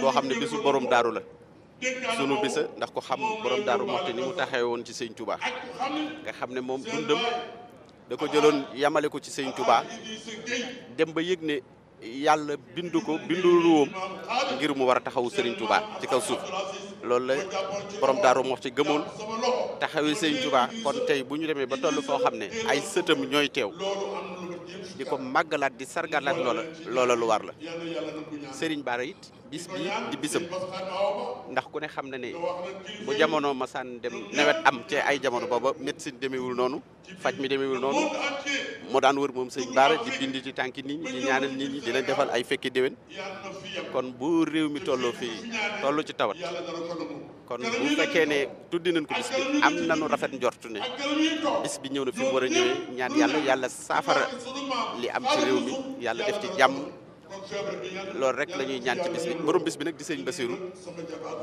boo xam ne bisu borom daaru la sunu bisa ndax ko xam borom daaru moxti ni mu taxee woon ci sëñ Touba nga xam ne moom dundam da ko jëloon yamale ko ci sëñ Touba dem ba yëg ne yàlla bindu ko bindu ruwam ngir mu war a taxawu sëriñ tubaa ci kaw suuf loolu la borom daaru moxti gëmoon taxawee sëñ Touba kon tey bu ñu demee ba toll soo xam ne ay sëtam ñooy teew di ko màggalaat di sargalaat loola loola lu war la sëriñ Bara it bis di bisam ndax ku ne xam na ne bu jamono masaan dem nawet am cee ay jamono booba médecine demewul noonu faj mi demewul noonu moo daan wër moom sëñ Baara di bind ci tànki nit ñi di ñaanal nit ñi di defal ay fekke déwén kon bu réew mi tolloo fii toll ci tawat kon bu fekkee ne tuddi nañ ko bis am nañu rafet njortu ne bis ñëw na fi war a ñëwee ñaan yàlla yàlla saafara li am ci réew mi yàlla def ci jàmm loolu rek lañuy ñuy ñaan ci bis bi borom bis bi nag di sëñ Basiru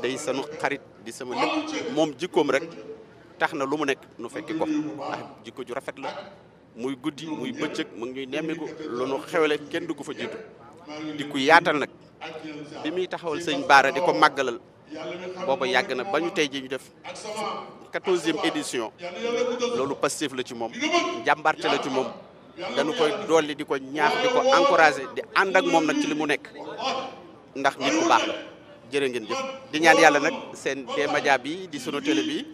day sanu xarit di sama lépp moom jikkoom rek tax na lu mu nekk nu fekki ko ndax ah, jikko ju rafet la muy guddi muy bëccëg mu ngi ñuy nemmiku lu nu xewle kenn du ko fa jiitu di ku yaatal nag bi muy taxawal sëñ Baara di ko màggalal booba yàgg na ba ñu tey ji ñu def quatorzième édition loolu passif la ci moom njàmbarte la ci moom dañu koy dolli di ko ñaax di ko encouragé di ànd ak moom nag ci li mu nekk ndax nit ku baax la jërë ngeen jëf di ñaan yàlla nag seen des média bi di sunu télé bi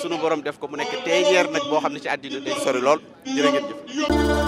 sunu borom def ko mu nekk teeñeer nag boo xam ne ci àddina day sori lool jërë ngeen jëf